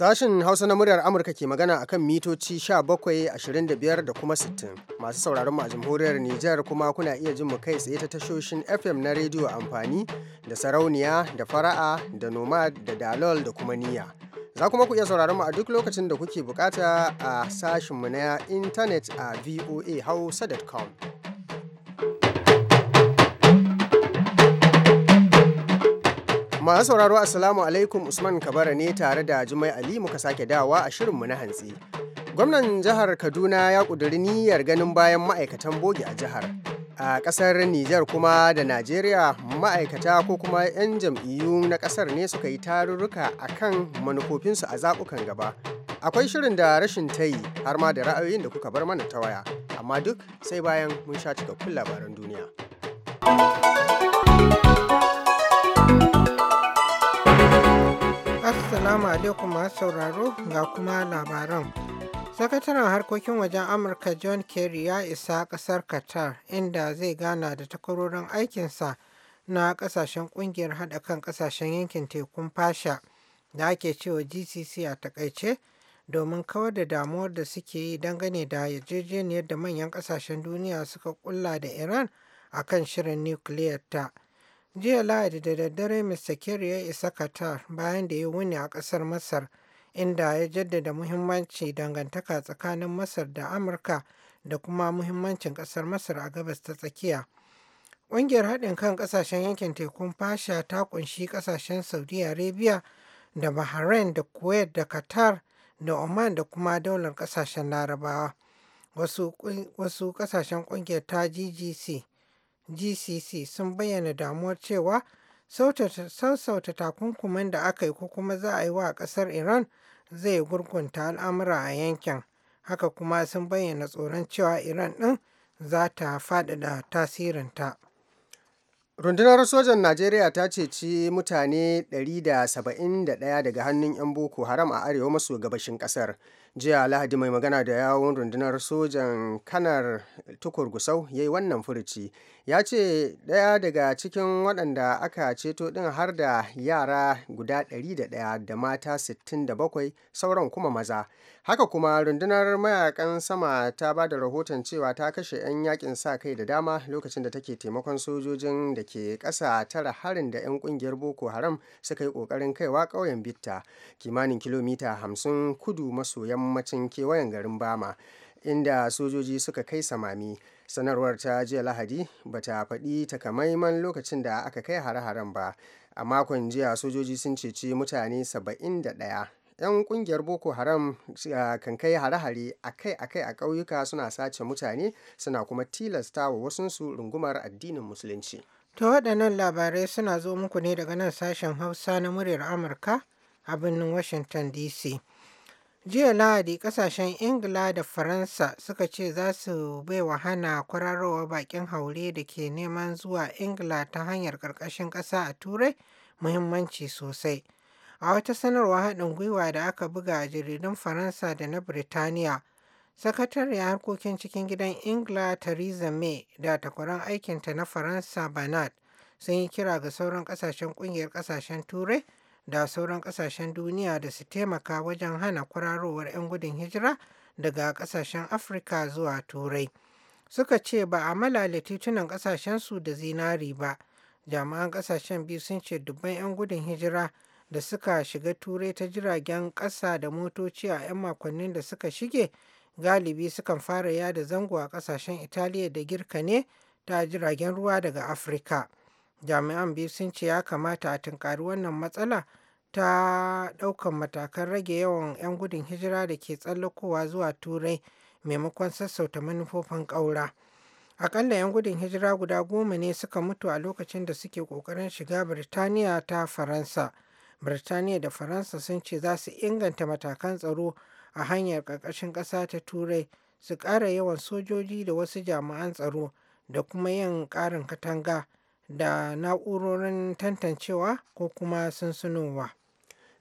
Sashen Hausa na muryar Amurka ke magana a kan mitoci 17, 25 da kuma 60. Masu sauraron mu a jamhuriyar Nijar kuma kuna iya jin mu kai tsaye ta tashoshin FM na rediyo amfani da sarauniya da fara'a da nomad da dalol da kuma niyya. Za kuma ku iya sauraron mu a duk lokacin da kuke bukata a sashenmu na intanet a voahausa.com. Masu sauraro Assalamu alaikum Usman Kabara ne tare da Jumai Ali muka sake dawa a shirinmu na hantsi. Gwamnan jihar Kaduna ya ƙuduri niyyar ganin bayan ma'aikatan bogi a jihar. A ƙasar Nijar kuma da Najeriya ma'aikata ko kuma 'yan jam'iyyu na ƙasar ne suka yi tarurruka a kan manufofinsu a zaɓukan gaba. Akwai shirin da rashin tayi har ma da ra'ayoyin da kuka bar mana ta waya, amma duk sai bayan mun sha cikakkun labaran duniya. Assalamu alaikum masu sauraro ga kuma labaran. Sakataren harkokin wajen Amurka John Kerry ya isa ƙasar Qatar inda zai gana da takwarorin aikinsa na ƙasashen ƙungiyar haɗa kan ƙasashen yankin tekun fasha da ake cewa GCC a takaice domin kawar da damuwar da suke yi dangane da yarjejeniyar da manyan ƙasashen duniya suka kulla da Iran a kan shirin nukiliyar ta. Jiya Lahadi da daddare Mr. Kerry ya isa Qatar bayan da ya wuni a ƙasar Masar inda ya jaddada muhimmanci dangantaka tsakanin Masar da Amurka da kuma muhimmancin ƙasar Masar a gabas ta tsakiya. Ƙungiyar haɗin kan ƙasashen yankin tekun fasha ta ƙunshi ƙasashen Saudi Arabia da Bahrain da Kuwait da Qatar da Oman da kuma daular ƙasashen Larabawa. Wasu ƙasashen ƙungiyar ta GGC GCC sun bayyana damuwar cewa sassauta takunkuman da aka yi ko kuma za a yi wa kasar Iran zai gurgunta al'amura a yankin. Haka kuma sun bayyana tsoron cewa Iran ɗin za ta faɗaɗa tasirinta. Rundunar sojan Najeriya ta ceci mutane 171 daga hannun 'yan Boko Haram a arewa maso gabashin kasar. Jiya Lahadi mai magana da yawon rundunar sojan kanar tukur gusau ya yi wannan furuci ya ce ɗaya daga cikin waɗanda aka ceto ɗin har da yara guda 101 da mata 67 sauran kuma maza haka kuma rundunar mayakan sama ta ba da rahoton cewa ta kashe 'yan yakin sa kai da dama lokacin da take taimakon sojojin da ke ƙasa tara harin da 'yan ƙungiyar boko haram suka yi ƙoƙarin kaiwa ƙauyen bitta kimanin kilomita 50 kudu maso yammacin kewayen garin bama inda sojoji suka kai samami sanarwar ta jiya lahadi ba ta faɗi takamaiman lokacin da aka kai hare-haren ba a makon jiya sojoji sun ceci mutane 71 'yan kungiyar boko haram eh, kan kai hare-hare akai-akai a ƙauyuka suna sace mutane suna kuma tilasta wa wasunsu rungumar addinin musulunci to waɗannan labarai suna zo muku ne daga nan sashen hausa na muryar amurka a birnin washington dc Jiya Lahadi kasashen Ingila da Faransa suka ce za su bai wa hana kwararowa bakin haure da ke neman zuwa Ingila ta hanyar karkashin ƙasa a Turai muhimmanci sosai. A wata sanarwa haɗin gwiwa da aka buga a jaridun Faransa da na Birtaniya, Sakatariyar harkokin cikin gidan Ingila Theresa May da takwaran aikinta na Faransa Bernard sun yi kira ga sauran kasashen ƙungiyar ƙasashen Turai da sauran kasashen duniya da su taimaka wajen hana kwararowar 'yan gudun hijira daga kasashen afirka zuwa turai suka ce ba a malala titunan su da zinari ba jami'an kasashen biyu sun ce dubban 'yan gudun hijira da suka shiga turai ta jiragen ƙasa da motoci a 'yan makonnin da suka shige galibi sukan fara yada zango a kasashen italiya da girka ne ta jiragen ruwa daga afirka jami'an biyu sun ce ya kamata a tunkari wannan matsala ta ɗaukan matakan rage yawan 'yan gudun hijira da ke tsallakowa zuwa turai maimakon sassauta manufofin ƙaura akalla 'yan gudun hijira guda goma ne suka mutu a lokacin da suke ƙoƙarin shiga birtaniya ta faransa birtaniya da faransa sun ce za su inganta matakan tsaro a hanyar ƙarƙashin ƙasa ta turai su ƙara yawan sojoji da wasu jami'an tsaro da kuma yin ƙarin katanga da na'urorin tantancewa ko kuma sunsunowa.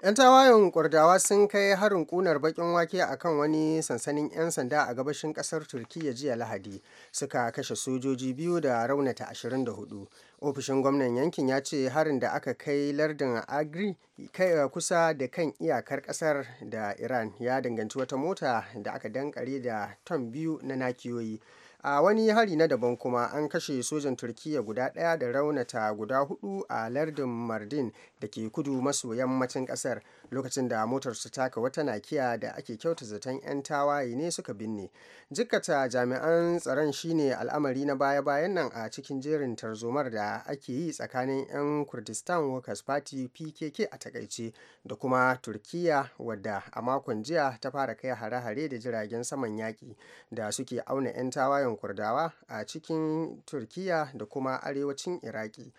'Yan tawayen kwardawa sun kai harin kunar bakin wake a kan wani sansanin 'yan sanda a gabashin kasar Turkiyya jiya Lahadi suka kashe sojoji biyu da raunata 24. Ofishin gwamnan yankin ya ce harin da aka kai lardin Agri kai kusa da kan iyakar kasar da Iran ya danganci wata mota da aka dankare da ton biyu na nakiyoyi. a wani hari na daban kuma an kashe sojan turkiya guda daya da raunata guda hudu a lardin mardin da ke kudu maso yammacin kasar lokacin da motarsu ta taka wata nakiya da ake kyauta zaton 'yan tawaye ne suka binne jikkata jami'an tsaron shine al'amari na baya-bayan nan a cikin jerin tarzomar da ake yi tsakanin 'yan kurdistan workers party pkk a takaice da kuma turkiya wadda a makon jiya ta fara kai hare-hare da jiragen saman yaƙi da suke auna 'yan tawayen kurdawa a cikin turkiya da kuma arewacin iraki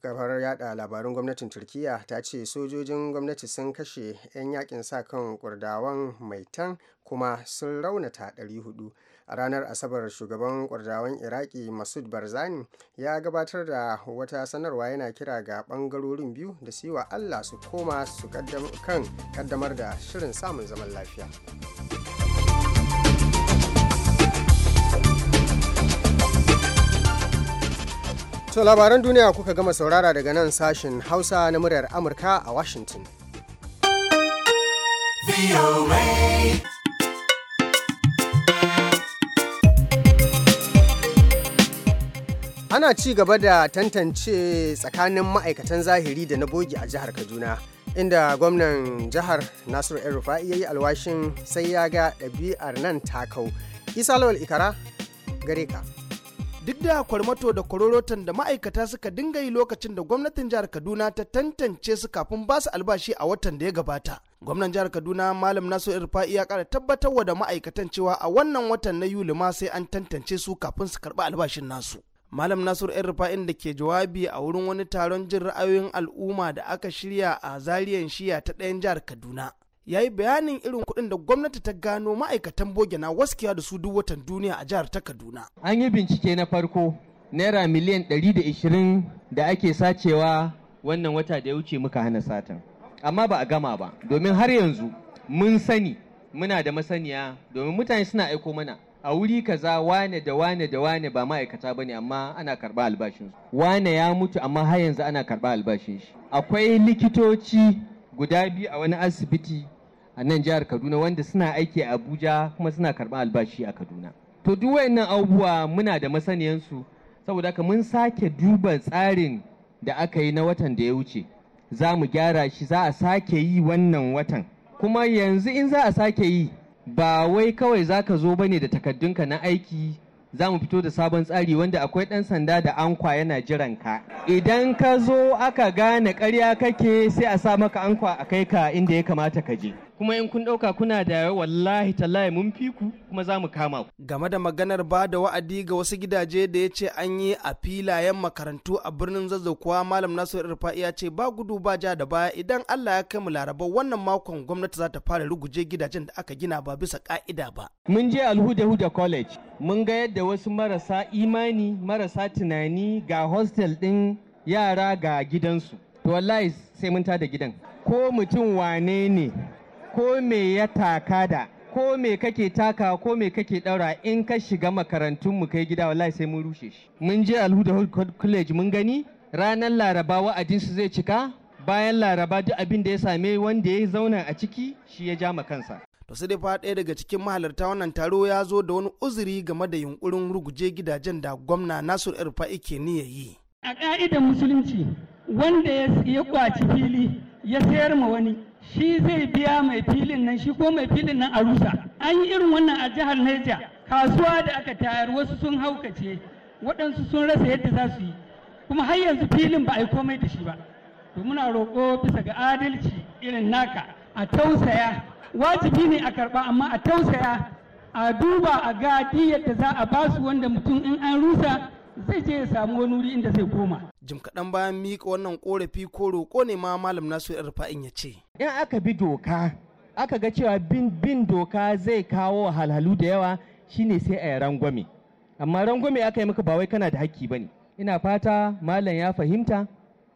kafar yada labarun gwamnatin turkiya ta ce sojojin gwamnati sun kashe 'yan yakin sa kan kurdawan tan kuma sun raunata 400 a ranar asabar shugaban kwardawan iraki masud barzani ya gabatar da wata sanarwa yana kira ga bangarorin biyu da su wa allah su koma su kan kaddamar da shirin samun zaman lafiya So, labaran duniya kuka gama saurara daga nan sashen Hausa na muryar Amurka a Washington. Ana ci gaba da tantance tsakanin ma'aikatan zahiri da na bogi a jihar Kaduna. inda gwamnan jihar nasiru yan rufa'i ya yi alwashin sai ya ga ɗabi'ar nan takau isa lawal ikara gare ka duk da kwarmato da kwarorotan da ma'aikata suka dinga yi lokacin da gwamnatin jihar kaduna ta tantance su kafin ba su albashi a watan da ya gabata gwamnan jihar kaduna malam nasu irfa ya kara tabbatar wa da ma'aikatan cewa a wannan watan na yuli ma sai an tantance su kafin su karɓi albashin nasu Malam Nasiru ‘yan rufa'in da ke jawabi a wurin wani taron jin ra'ayoyin al'umma da aka shirya a zariyan shiya ta ɗayan jihar Kaduna. ya yi bayanin irin kuɗin da gwamnati ta gano ma'aikatan boge na waskiya da su duk watan duniya a jihar ta kaduna an yi bincike na farko naira miliyan 120 da ake sacewa wannan wata da ya wuce muka hana satan amma ba a gama ba domin har yanzu mun sani muna da masaniya domin mutane suna aiko mana a wuri kaza wane da wane da wane ba ma'aikata bane amma ana karba albashin wane ya mutu amma har yanzu ana karba albashin shi akwai likitoci guda biyu a wani asibiti a nan jihar Kaduna wanda suna aiki a Abuja kuma suna karɓar albashi a Kaduna. To duk wayannan abubuwa muna da masaniyansu saboda haka mun sake duba tsarin da aka yi na watan da ya wuce. Za mu gyara shi za a sake yi wannan watan. Kuma yanzu in za a sake yi ba wai kawai za ka zo bane da takaddunka na aiki za mu fito da sabon tsari wanda akwai ɗan sanda da ankwa yana jiran ka idan ka zo aka gane karya kake sai a sa maka ankwa a kai ka inda ya kamata ka je kuma in kun ɗauka kuna da wallahi tallahi mun fi ku kuma za mu kama ku. Game da maganar ba da wa'adi ga wasu gidaje da ya ce an yi a filayen makarantu a birnin zazzau kuwa Malam Nasiru Irfa'i ya ce ba gudu ba ja da baya idan Allah ya kai mu Laraba wannan makon gwamnati za ta fara ruguje gidajen da aka gina ba bisa ka'ida ba. Mun je Alhuda Huda College mun ga yadda wasu marasa imani marasa tunani ga hostel ɗin yara ga gidansu. To wallahi sai mun tada gidan. Ko mutum wane ne ko me ya taka da ko me kake taka ko me kake daura in ka shiga makarantun mu kai gida wallahi sai mun rushe shi mun je alhuda college mun gani ranar laraba wa'adin su zai cika bayan laraba duk abin da ya same wanda ya zauna a ciki shi ya ja kansa to sai dai fa ɗaya daga cikin mahalarta wannan taro ya zo da wani uzuri game da yunkurin ruguje gidajen da gwamna nasur irfa'i ke niyya yi a ka'idar musulunci wanda ya kwaci fili ya sayar ma wani shi zai biya mai filin nan shi ko mai filin nan a rusa an yi irin wannan a jihar Neja kasuwa da aka tayar wasu sun haukace waɗansu sun rasa yadda za su yi kuma har yanzu filin ba a yi komai da shi ba to muna roƙo bisa ga adalci irin naka a tausaya wajibi ne a karɓa amma a tausaya a duba a ga yadda za a basu wanda mutum in an rusa zai je ya samu wani wuri inda zai koma. Jim kaɗan bayan miƙa wannan ƙorafi ko roƙo ne ma Malam Nasiru Rufa'in ya ce. In aka bi doka aka ga cewa bin doka zai kawo halhalu da yawa shine sai a yi rangwame. Amma rangwame aka yi maka ba wai kana da hakki ba ne. Ina fata Malam ya fahimta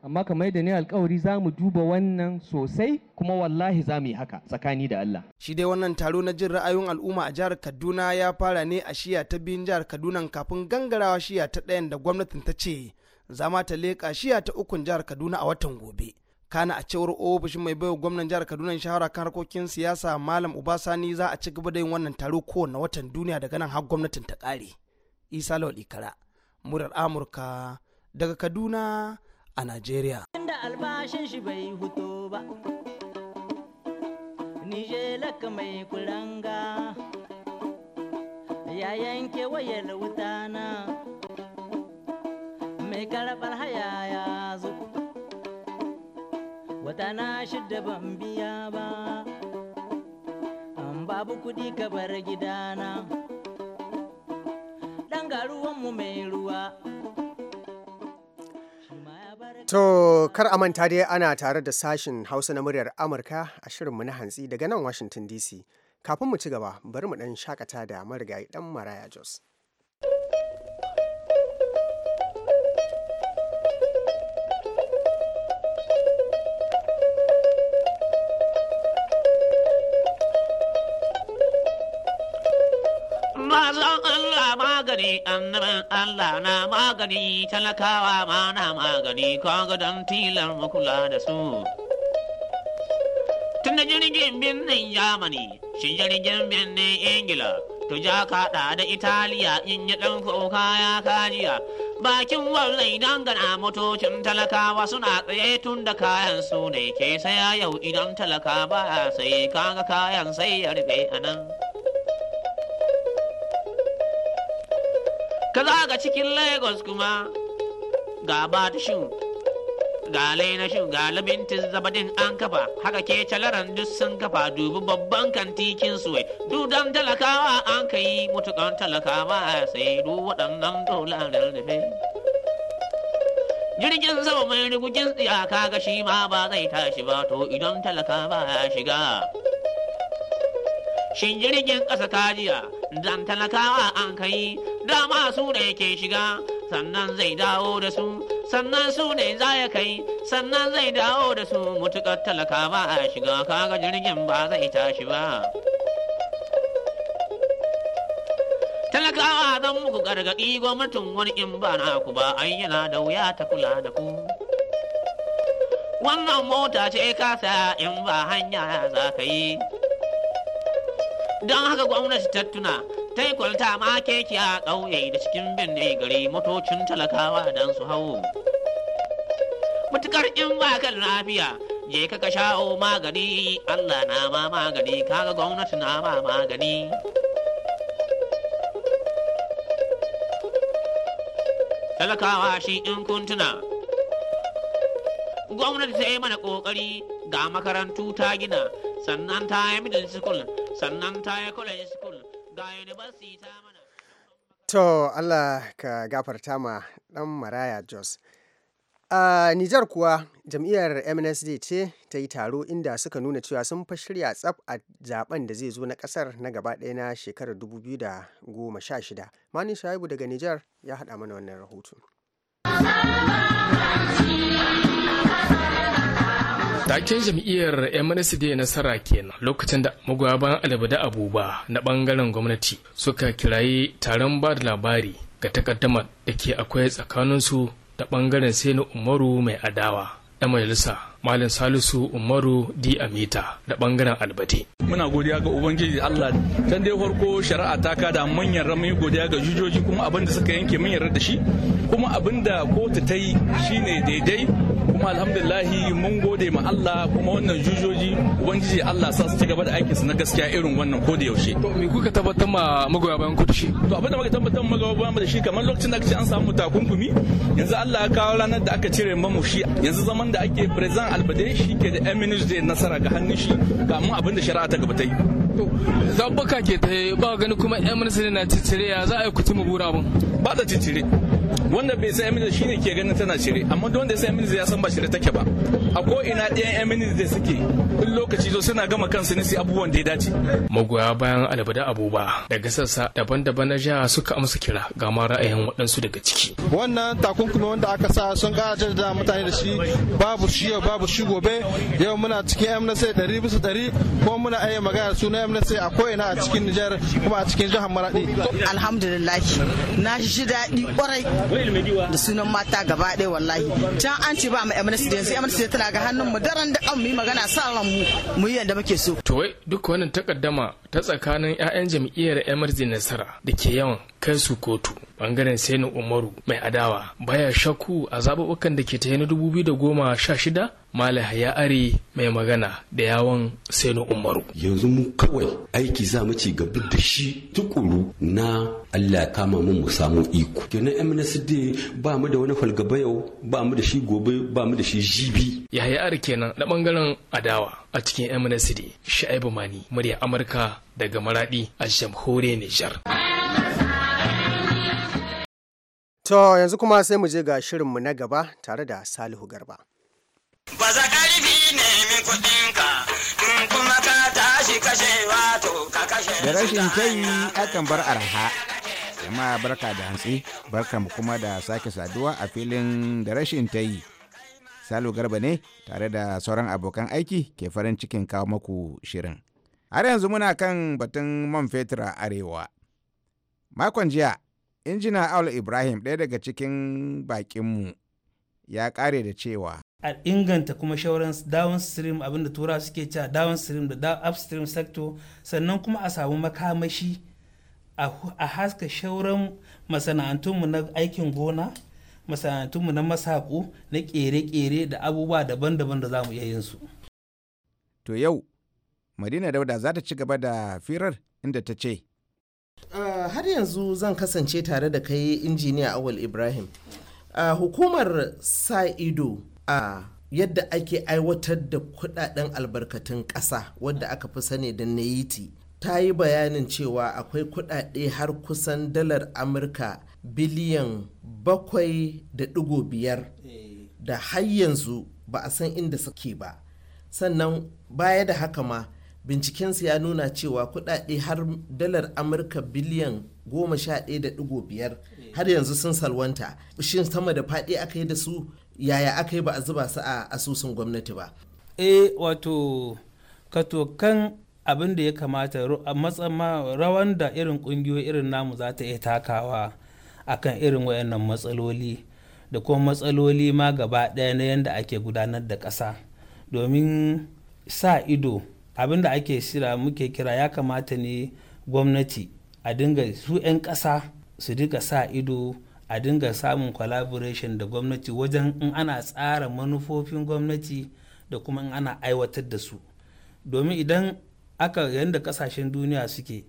amma kamar da ne alkawari za mu duba wannan sosai kuma wallahi za mu yi haka tsakani da Allah. Shi dai wannan taro na jin ra'ayoyin al'umma a jihar Kaduna ya fara ne a shiya ta biyun jihar Kaduna kafin gangarawa shiya ta ɗayan da gwamnatin ta ce zama ta leƙa shiya ta ukun jihar Kaduna a watan gobe. kana a cewar ofishin mai baiwa gwamnan jihar kaduna shahara kan harkokin siyasa malam ubasani za a ci gaba da yin wannan taro kowane watan duniya daga nan har gwamnatin ta ƙare. isa lawal ikara murar amurka daga kaduna a Najeriya. Inda albashin shi bai huto ba, Nijelaka mai kuranga ya yanke wayar wuta na mai karɓar haya ya zo, wata na shida ban biya ba, an babu kuɗi ka bar gidana, ɗan garuwanmu mai ruwa. To kar a manta dai ana tare da sashin Hausa na muryar Amurka a shirinmu na hantsi daga nan Washington DC. Kafin mu ci gaba, bari mu ɗan shakata da marigayi ɗan Maraya Jos. mazan Allah magani annaban Allah na magani talakawa ma na magani kaga don tilar makula da su. Tun da jirgin birnin Yamani, shi jirgin birnin Ingila, to ja kaɗa da Italiya in yi ɗan kuka ya kajiya. Bakin wallai dangana motocin talakawa suna tsaye tun da kayan su ne ke saya yau idan talaka ba sai kaga kayan sai ya rufe a nan. ka ga cikin lagos kuma ga batishin ga shu. ga labinti zabadin an kafa haka ke calaran duk sun kafa dubi babban kantikin duk dudan talakawa an ka yi mutukan talakawa sai du waɗannan dolarar da jirgin sama mai rigugin tsiyaka ga shi ma ba zai tashi ba to idan talaka ba ya shiga shin jirgin ƙasa kajiya dan talakawa an kai dama su ne ke shiga sannan zai dawo da su sannan su ne za ya kai sannan zai dawo da su mutukar talaka ba a shiga kaga jirgin ba zai tashi ba talakawa zan muku gargaɗi gwamnatin wani in ba na ku ba an yana da wuya ta kula da ku wannan mota ce kasa in ba hanya za ka yi don haka gwamnati ta tuna ta yi kwalta ma keke a ƙauye da cikin binne gari motocin talakawa don su hau mutukar in ba kan lafiya je ka ka sha'o magani allah na ma magani kaga gwamnati na ma magani talakawa shi in kuntuna gwamnati ta yi mana ƙoƙari ga makarantu ta gina sannan ta yi middle school sannan ta yi college To Allah ka gafarta ma ɗan Maraya Jos. A Nijar kuwa jam'iyyar MNSD ce ta yi taro inda suka nuna cewa sun fa shirya tsaf a zaben da zai zo na kasar na gaba ɗaya na shekarar 2016. Mani Shaibu daga Nijar ya haɗa mana wannan rahoto. Taken jam'iyyar MNSD nasara kenan lokacin da magwaban albada Abuba na bangaren gwamnati suka kirayi taron ba da labari ga takaddamar da ke akwai tsakanin su da bangaren Sani Umaru mai adawa da majalisa Malam Salisu Umaru Di Amita da bangaren Albati. Muna godiya ga Ubangiji Allah can dai farko shari'a ta kada manyan rami godiya ga jujoji kuma abin da suka yanke manyan yarda da shi kuma abin da kotu ta yi shine daidai kuma alhamdulillahi mun gode ma Allah kuma wannan jujoji ubangiji Allah sa su ci gaba da aikin su na gaskiya irin wannan ko da yaushe to me kuka tabbatar ma magoya bayan ku shi to abin da muka tabbatar magoya bayan da shi kamar lokacin da aka ce an samu takunkumi yanzu Allah ya kawo ranar da aka cire mamu shi yanzu zaman da ake present albade shi ke da yan minus da nasara ga hannun shi kamun abin da shari'a ta gaba ta yi zaɓuɓɓuka ke ta ba gani kuma yan minista na cicire ya za a yi kutu mu bura abin ba da cicire wanda bai san eminence shine ke ganin tana shirye amma duk wanda ya san eminence ya san ba shirye take ba a ko ina ɗayan eminence da suke in lokaci zo suna gama kansu ne sai abubuwan da ya dace magoya bayan albada abuba daga sassa daban-daban na jiha suka amsa kira ga ma ra'ayin waɗansu daga ciki wannan takunkumi wanda aka sa sun ƙara da mutane da shi babu shi yau babu shi gobe yau muna cikin eminence ɗari bisa ɗari ko muna aya magana suna eminence a ko ina a cikin nijar kuma a cikin jihar maraɗi alhamdulillah na shi daɗi ƙwarai da sunan mata gaba ɗaya wallahi can an ce ba mu amnesty da yanzu amnesty tana ga hannun mu daren da an mu yi magana sa ran mu mu yi yadda muke so to wai duk wannan takaddama ta tsakanin 'ya'yan jam'iyyar emergency nasara da ke yawan kai su kotu bangaren sainin umaru mai adawa baya shakku a zaɓuɓɓukan da ke ta na 2016 Malah ya ari mai magana da yawon sainu Umaru. Yanzu mu kawai aiki za mu ci gaba da shi tukuru na Allah kama mu mu samu iko. Kenan MNSD ba mu da wani falgaba yau ba mu da shi gobe ba mu da shi jibi. Yahaya ari kenan na bangaren adawa a cikin MNSD Sha'ibu Mani murya Amurka daga Maradi a jamhuriyar Nijar. To yanzu kuma sai mu je ga mu na gaba tare da Salihu Garba. Da rashin kai akan bar arha. Jama'a barka da hantsi, barka mu kuma da sake saduwa a filin da rashin ta yi. Salo Garba ne tare da sauran abokan aiki ke farin cikin kawo maku shirin. Har yanzu muna kan batun man fetur a Arewa. Makon jiya, injina Aul Ibrahim ɗaya daga cikin bakinmu ya ƙare da cewa a inganta kuma shawarar downstream abinda tura suke cewa downstream da upstream sector sannan kuma a samu makamashi a haska shawarar masana'antunmu na aikin gona masana'antunmu na masaku na kere-kere da abubuwa daban-daban da za mu iya yinsu To yau, Madina Dauda za ta ci gaba da firar inda ta ce. har yanzu zan kasance tare da kai injiniya Awal Ibrahim. Uh, hukumar sa ido a yadda ake aiwatar da kudaden albarkatun ƙasa wadda aka fi sani da nayiti. ta yi bayanin cewa akwai kudade har kusan dalar amurka biliyan bakwai da digo biyar eh. da har yanzu ba a san inda suke ba sannan baya da haka ma bincikensu ya nuna cewa kudade har dalar amurka biliyan goma sha ɗaya da ɗigo biyar eh. har yanzu sun salwanta shin sama da faɗi aka yi da su yaya aka yi ba a zuba su a asusun gwamnati ba e wato katokan abin da ya kamata rawan da irin kungiyoyi irin namu za ta iya takawa akan irin wayannan matsaloli da kuma matsaloli ma gaba ɗaya na yadda ake gudanar da ƙasa domin sa ido abin da ake shira muke kira ya kamata ne gwamnati a dinga su 'yan ƙasa su dinga sa ido a dinga samun collaboration da gwamnati wajen in ana tsara manufofin gwamnati da kuma in ana aiwatar da su domin idan aka yadda kasashen duniya suke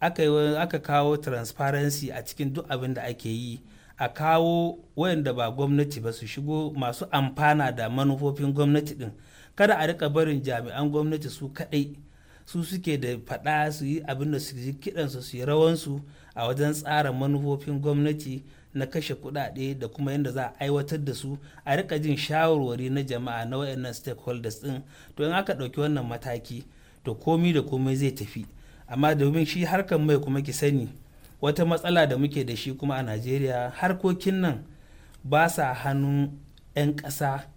aka kawo transparency a cikin duk abin da ake yi a kawo wayanda ba gwamnati ba su shigo masu amfana da manufofin gwamnati din kada a rika barin jami'an gwamnati su kadai su suke da faɗa su yi abin da su yi kiɗansu su yi rawansu a wajen tsara manufofin gwamnati na kashe kuɗaɗe da kuma yadda za a aiwatar da su a rika jin shawarwari na jama'a na wayannan stakeholders din to in aka ɗauki wannan mataki to komi da komai zai tafi amma domin shi harkar mai kuma ki sani wata matsala da muke da shi kuma a najeriya harkokin nan ba sa hannun 'yan ƙasa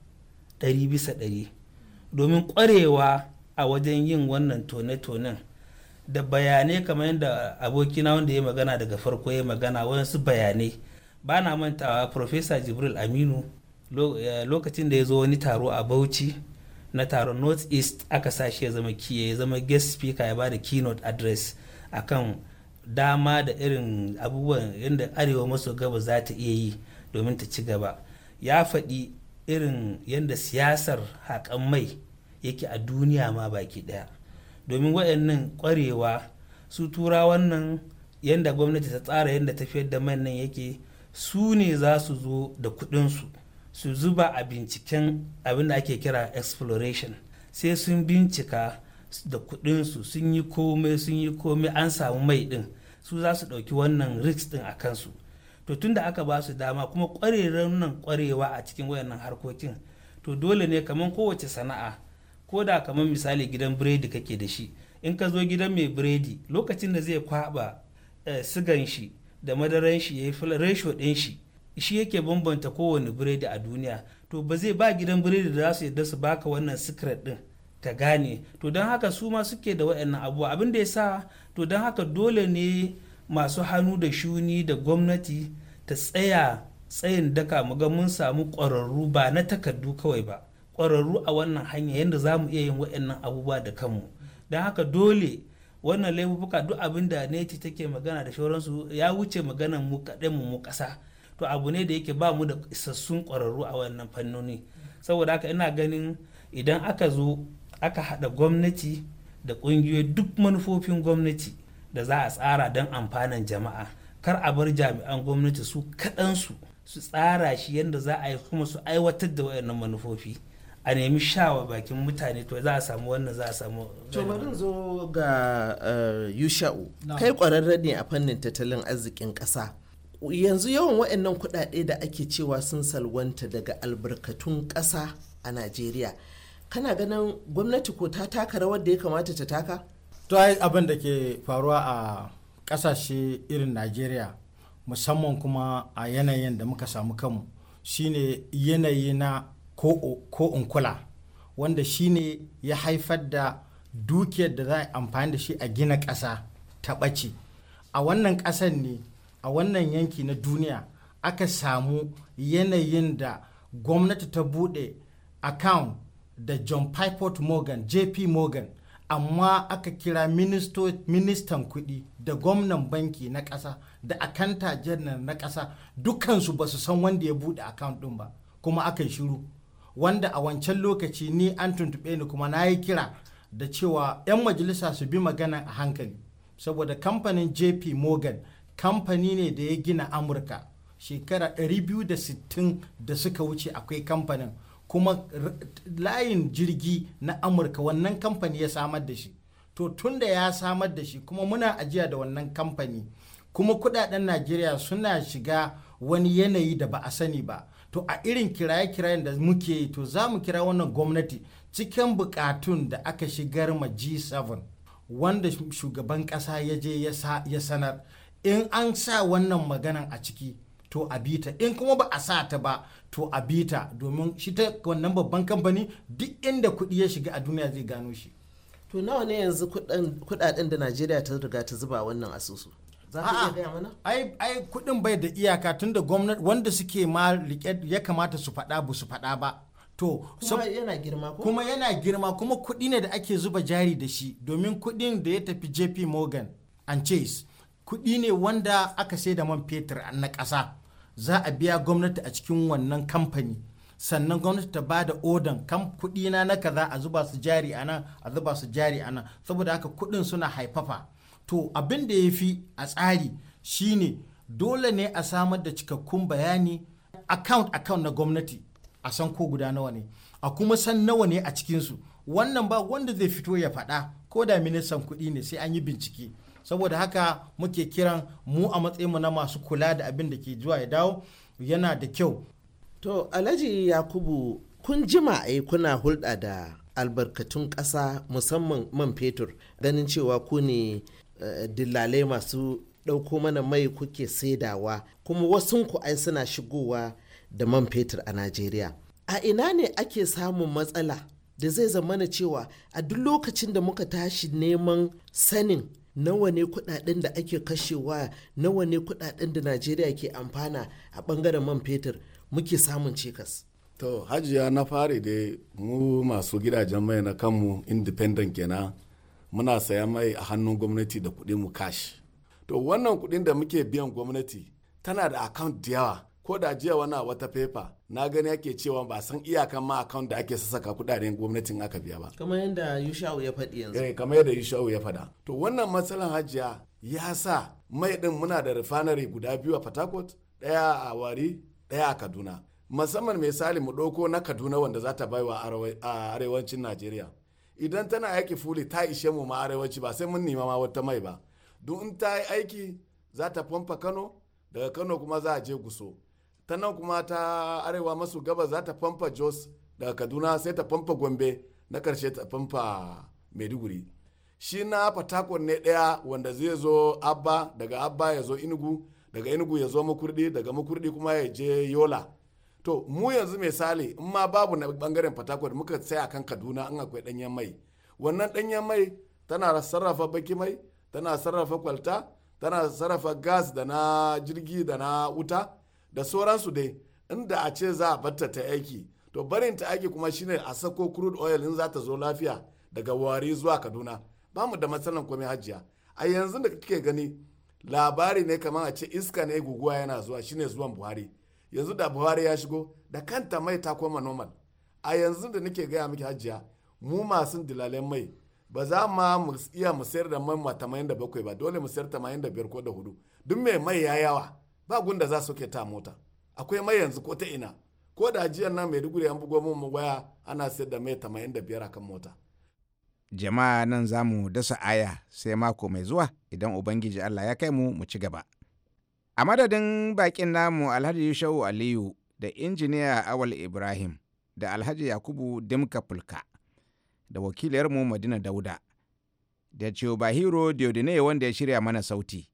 ɗari bisa ɗari domin ƙwarewa a wajen yin wannan tone-tonen da bayanai kamar yadda abokina wanda ya magana daga farko ya magana wasu bayanai ba na mantawa Profesa jibril aminu lokacin da ya zo wani taro a bauchi na taron north east aka sashi ya zama kiye ya zama guest speaker ya bada keynote address akan dama da irin abubuwan yadda arewa maso gaba za ta iya yi domin ta ci gaba ya faɗi irin yadda siyasar haƙan mai yake a duniya ma baki ɗaya domin waɗannan ƙwarewa su tura wannan yadda gwamnati ta tsara yadda tafiyar da man nan yake su ne za su zo da kuɗinsu su zuba a binciken abin da ake kira exploration sai sun bincika da kuɗinsu sun yi komai sun yi komai an samu mai ɗin su za su ɗauki wannan risk ɗin a kansu to tun da aka ba su dama kuma ƙwararren nan ƙwarewa a cikin wayannan harkokin to dole ne kamar kowace sana'a ko da kamar misali gidan biredi kake da shi in ka zo gidan mai biredi lokacin da zai kwaba eh, sigan shi da madaran shi ya yi ratio ɗin shi shi yake bambanta kowane biredi a duniya to ba zai ba gidan biredi da za su yadda su baka wannan secret ɗin ta gane to don haka su ma suke da waɗannan abubuwa abin da ya sa to don haka dole ne masu hannu da shuni da gwamnati ta tsaya tsayin daka mu ga mun samu ƙwararru ba na takardu kawai ba ƙwararru a wannan hanya yadda za mu iya yin wa'annan abubuwa da kanmu don haka dole wannan laifuka duk abin da neti take magana da shauransu ya wuce maganan mu kaɗai mu ƙasa to abu ne da yake ba mu da isassun ƙwararru a wannan fannoni saboda haka ina ganin idan aka zo aka haɗa gwamnati da ƙungiyoyi duk manufofin gwamnati da za a tsara don amfanin jama'a kar a bar jami'an gwamnati su kaɗansu su tsara shi yadda za a yi kuma su aiwatar da wayannan manufofi a nemi shawa bakin mutane to za a samu wannan za a samu to bari zo ga eh, yusha'u kai kwararre ne a fannin tattalin arzikin kasa yanzu yawan waɗannan kuɗaɗe da ake cewa sun salwanta daga albarkatun ƙasa a najeriya kana ganin gwamnati ko ta taka rawar da ya kamata ta taka to ai abin da ke faruwa a ƙasashe irin najeriya musamman kuma a yanayin da muka samu kanmu shine yanayi na ko in kula wanda shine ya haifar da dukiyar da za a amfani da shi a gina ƙasa ta ɓace a wannan ƙasar ne a wannan yanki na duniya aka samu yanayin da gwamnati ta buɗe account da john pipot morgan jp morgan amma aka kira ministan kuɗi da gwamnan banki na ƙasa da akanta janar na ƙasa dukansu ba su san wanda ya buɗe account ɗin ba kuma aka yi shiru wanda a wancan lokaci ni an tuntube ni kuma na yi kira da cewa 'yan majalisa su bi magana a hankali saboda kamfanin jp morgan kamfani ne da ya gina amurka shekara 260 da suka wuce akwai kamfanin kuma layin jirgi na amurka wannan kamfani ya samar da shi to tun da ya samar da shi kuma muna ajiya da wannan kamfani kuma kudaden najeriya suna shiga wani yanayi da ba a sani ba to a irin kiraye-kirayen da muke yi to za mu kira wannan gwamnati cikin bukatun da aka shigar ma G7 wanda shugaban kasa ya je ya sanar in an sa wannan maganan a ciki to a bita in kuma ba a sa ta ba to a bita domin shi ta wannan babban kamfani duk inda kuɗi ya shiga a duniya zai gano shi to nawa ne yanzu kudaden da najeriya ta riga ta zuba wannan asusu za iya gaya mana ai kuɗin bai da iyaka tunda gwamnati wanda suke ma ya kamata su faɗa ba su faɗa ba to kuma yana girma kuma yana kuɗi ne da ake zuba jari da shi domin kuɗin da ya tafi JP Morgan and Chase kuɗi ne wanda aka sai da man fetur na ƙasa za a biya gwamnati a cikin wannan kamfani sannan gwamnati ta bada odan kam kuɗi na na kaza a zuba su jari anan a zuba su jari a saboda haka kuɗin suna haifafa to abin da ya fi a tsari shine dole ne a samar da cikakkun bayani account account na gwamnati a san ko guda nawa ne a kuma san nawa ne a cikin su wannan ba wanda zai fito ya faɗa ko da ministan kuɗi ne sai an yi bincike saboda haka muke kiran mu a mu na masu kula da abin da ke zuwa ya dawo yana da kyau to alhaji yakubu kun jima a kuna hulɗa da albarkatun ƙasa musamman man fetur ganin cewa ku ne Eh, dillalai masu ɗauko mana mai kuke saidawa kuma ku ai suna shigowa da man fetur a najeriya a ina ne ake samun matsala da zai zamana cewa a duk lokacin da muka tashi neman sanin nawa ne kudaden da ake kashewa nawa ne kudaden da najeriya ke amfana a bangaren man fetur muke samun cikas to hajiya na fari dai mu masu gidajen mai na kanmu independent kenan muna saya mai a hannun gwamnati da kuɗin mu cash to wannan kuɗin da muke biyan gwamnati tana da account da yawa ko da jiya wani wata fefa na gani ake cewa ba san iyakan ma account da ake sassaka kuɗaɗen gwamnatin aka biya ba kamar yadda yushau ya faɗi yanzu eh kamar yadda yushau ya faɗa to wannan matsalan hajiya ya sa mai ɗin muna da refinery guda biyu a Fatakot ɗaya a Wari ɗaya a Kaduna musamman misali mu ɗauko na Kaduna wanda za ta baiwa arewacin Najeriya idan tana aiki fuli ta ishe mu ma arewaci ba sai mun nima ma wata mai ba duk in ta yi aiki za ta famfa kano daga kano kuma za a je guso ta nan kuma ta arewa masu gaba za ta famfa jos daga kaduna sai ta famfa gombe na karshe ta famfa maiduguri shi na fatakon ne ɗaya wanda zai zo abba daga abba ya zo inugu daga inugu ya zo makurdi daga makurdi kuma ya je yola to mu yanzu misali in ma babu na bangaren fatakwal muka tsaya kan kaduna in akwai danyen mai wannan danyen mai tana sarrafa baki mai tana sarrafa kwalta tana sarrafa gas da na jirgi da na wuta da sauransu dai inda a ce za a batta ta aiki to barin ta aiki kuma shine a sako crude oil in za ta zo lafiya daga wari zuwa kaduna ba mu da matsalan komai hajiya a yanzu da kake gani labari ne kamar a ce iska ne guguwa yana zuwa shine zuwan buhari yanzu da buhari ya shigo da kanta mai ta koma normal a yanzu da nake gaya miki hajiya mu masu dilalen mai ba za ma mu iya mu sayar da mai ma tamanin da bakwai ba dole mu sayar tamanin da biyar ko da hudu duk mai mai ya yawa ba gunda za su ke ta mota akwai mai yanzu ko ta ina ko da ajiyar nan maiduguri an bugo mu waya ana sayar da mai tamanin da biyar akan mota jama'a nan za mu dasa aya sai mako mai zuwa idan ubangiji allah ya kai mu mu ci gaba A madadin bakin namu Alhaji Yushau Aliyu da injiniya Awal Ibrahim da Alhaji Yakubu Dimka Fulka da wakiliyarmu Madina Dauda da Ciobahiro Diodine wanda ya shirya mana sauti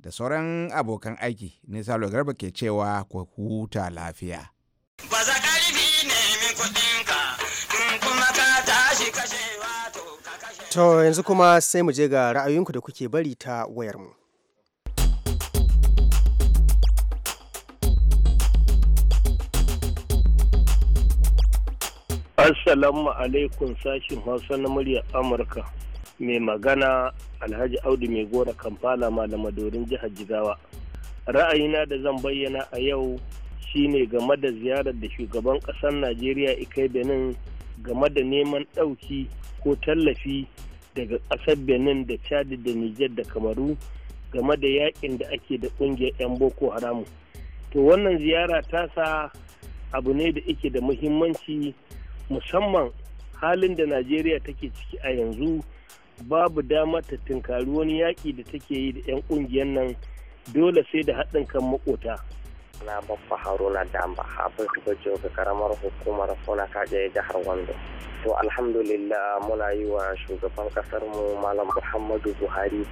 da sauran abokan aiki salo Garba ke cewa ku huta lafiya. Ba kuma to yanzu kuma sai mu je ga ra'ayinku da kuke bari ta wayarmu. Assalamu alaikum sashin Hausa na muryar Amurka. Mai magana Alhaji Audu mai gora Kampala malamadorin jihar Jigawa. Ra'ayina da zan bayyana a yau shine game da ziyarar da shugaban ƙasar Najeriya Ikai Benin game da neman ɗauki ko tallafi daga ƙasar Benin da Chad da Nijar da Kamaru game da yakin da ake da ƙungiyar 'yan Boko Haramu. To wannan ziyara ta sa abu ne da ike da muhimmanci musamman halin da najeriya take ciki a yanzu babu dama ta tunkari wani yaƙi da take yi da 'yan ƙungiyar nan dole sai da haɗin kan makota na babba haruna damba hafin su ga karamar hukumar funa kaje jihar wando to alhamdulillah muna yi wa shugaban kasar mu malam muhammadu buhari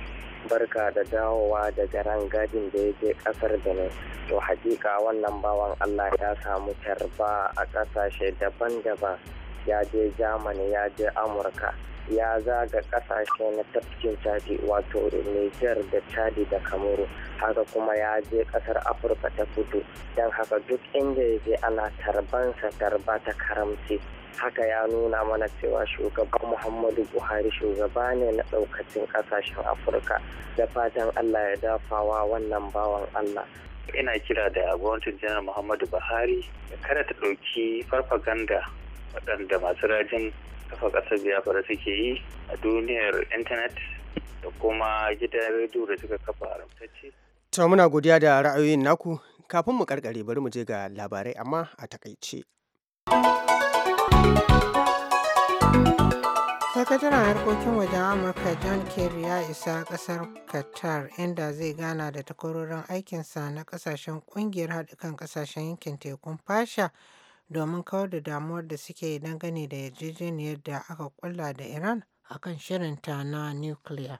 barka da dawowa da garan gadin da ya je kasar ne to hakika wannan bawan allah ya samu tarba a kasashe daban-daban ya je germany ya je amurka ya zaga kasashe na tafkin chadi wato niger da chadi da kamaru haka kuma ya je kasar afirka ta kudu don haka duk inda ya je ana tarbansa tarba ta karamci haka ya nuna mana cewa shugaban muhammadu buhari shugaba ne na daukacin kasashen afirka da fatan allah ya dafawa wannan bawan allah ina kira da gwamnatin janar muhammadu buhari kada ta ɗauki farfaganda waɗanda masu rajin kafa ƙasar biyafara suke yi a duniyar intanet da kuma gidan rediyo da suka kafa haramtacce. to muna godiya da ra'ayoyin naku kafin mu karkare bari mu je ga labarai amma a takaice. sakataren harkokin wajen amurka john kerry ya isa kasar qatar inda zai gana da takwarorin aikinsa na kasashen kungiyar haɗukan kasashen yankin tekun fasha domin kawar da damuwar da suke dangane da yarjejeniyar da aka kulla da Iran a akan shirinta na nukiliya.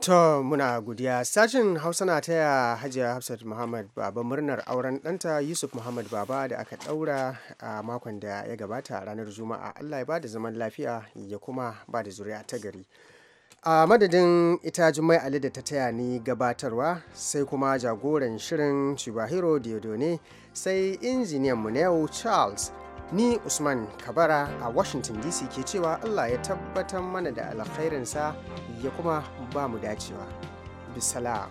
To muna godiya sashen Hausa na taya Hajiya Hafsat Muhammad Baba murnar auren ɗanta Yusuf Muhammad Baba da aka ɗaura a makon da ya gabata ranar Juma'a Allah ya bada zaman lafiya ya kuma ba da zuri'a ta gari. a madadin ita jummai ali da ta taya ni gabatarwa sai kuma jagoran shirin chibahiro diodone sai mu na yau charles ni usman kabara a washington dc ke cewa allah ya tabbatar mana da alkhairinsa ya kuma ba mu dacewa bisalam